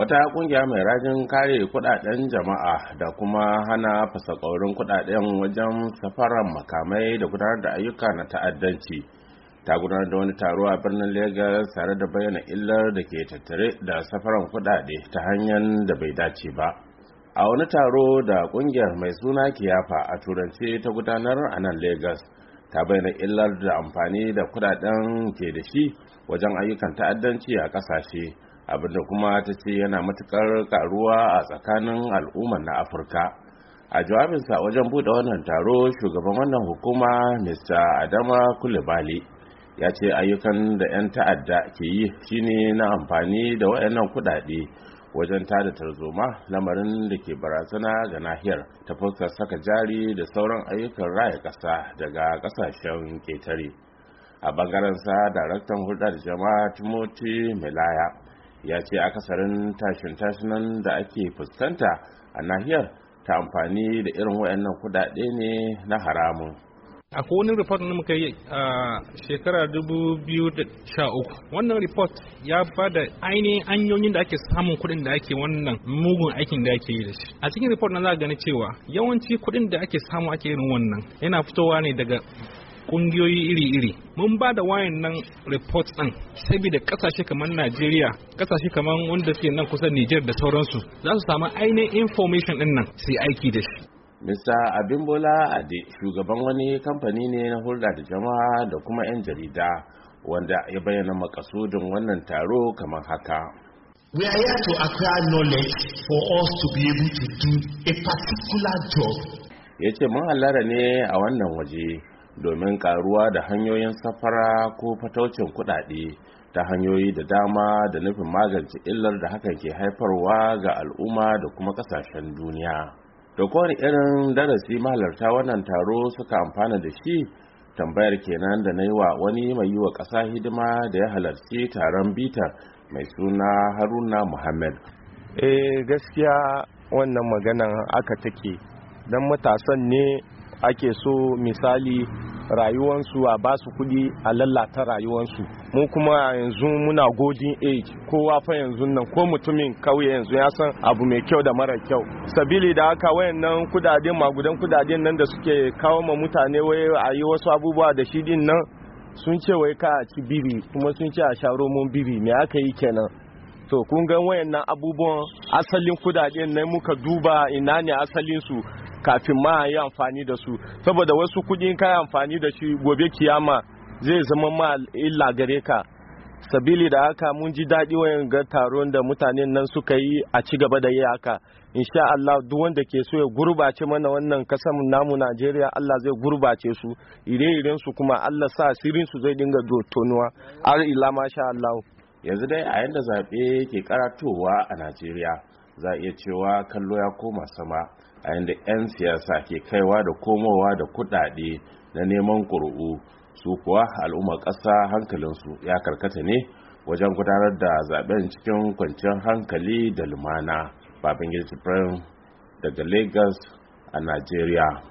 wata kungiya mai rajin kare kudaden jama'a da kuma hana fasakaurin kudaden wajen safarar makamai da gudanar da ayyuka na ta'addanci ta gudanar da wani taro a birnin lagos tare da bayyana illar da ke tattare da safarar kudade ta hanyar da bai dace ba a wani taro da kungiyar mai suna kiyafa a Turanci ta gudanar a nan lagos ta bayyana illar da amfani da kudaden ke da shi wajen ayyukan ta'addanci a kasashe abinda kuma ta ce yana matukar karuwa a tsakanin al'ummar na afirka a jawabinsa wajen buɗe wannan taro shugaban wannan hukuma mr adama kulibali ya ce ayyukan da 'yan ta'adda ke yi shine na amfani da waɗannan kuɗaɗe wajen tada tarzoma lamarin da ke barazana ga nahiyar ta fuskar saka jari da sauran ayyukan raya ƙasa daga ƙasashen ƙetare a bangaren sa daraktan hulɗar jama'a timoti melaya ya ce akasarin tashin tashinan da ake fuskanta a nahiyar ta amfani da irin wayannan kudade ne na haramun akwai wani report da muka yi a shekara 2013 wannan report ya ba da ainihin hanyoyin da ake samun kuɗin da ake wannan mugun aikin da ake yi da shi a cikin report na za a gani cewa yawanci kuɗin da ake samu ake irin wannan yana fitowa ne daga kungiyoyi iri-iri mun ba da wayan nan report din saboda kasashe kamar Najeriya kasashe kamar wanda suke nan kusa Niger da sauransu za su samu ainihin information din nan su aiki da shi Mr. Abimbola Ade shugaban wani kamfani ne na hulɗa da jama'a da kuma 'yan jarida wanda ya bayyana makasudin wannan taro kamar haka. We are here to acquire knowledge for us to be able to do a particular job. Ya ce mun hallara ne a wannan waje domin karuwa da hanyoyin safara ko fataucin kuɗaɗe ta hanyoyi da dama da nufin magance illar da hakan ke haifarwa ga al'umma da kuma ƙasashen duniya da kowane irin darasi mahalarta wannan taro suka amfana da shi tambayar kenan da na yi wa wani mai yi wa ƙasa hidima da ya halarci taron bitar mai suna haruna muhammad eh gaskiya wannan maganan aka take don matasan ne ake so misali rayuwansu a ba su kuɗi a lallata rayuwansu mu kuma yanzu muna golden age kowa fa yanzu nan ko mutumin kauye yanzu ya san abu mai kyau da mara kyau sabili da haka wayannan kudaden magudan kudaden nan da suke kawo ma mutane waye a yi wasu abubuwa da shi din nan sun ce wai ka a ci biri kuma sun ce a sha romon biri me aka yi kenan to kun ga wayannan abubuwan asalin kudaden nan muka duba ina ne asalin su kafin ma yi amfani da su saboda wasu kuɗi ka amfani da shi gobe kiyama zai zama ma illa gare ka sabili da haka mun ji daɗi wayan ga taron da mutanen nan suka yi a ci gaba da yi haka insha Allah duk wanda ke so ya gurbace mana wannan kasan namu Najeriya Allah zai gurbace su ire-iren su kuma Allah sa sirrin su zai dinga dotonuwa har ila masha Allah yanzu dai a yanda zaɓe ke karatowa a Najeriya za a iya cewa kallo ya koma sama a yadda 'yan siyasa ke kaiwa da komowa da kudade na neman ƙuri'u su kuwa al'ummar ƙasa hankalinsu ya karkata ne wajen gudanar da zaben cikin kwanciyar hankali da lumana babangida daga lagos a nigeria.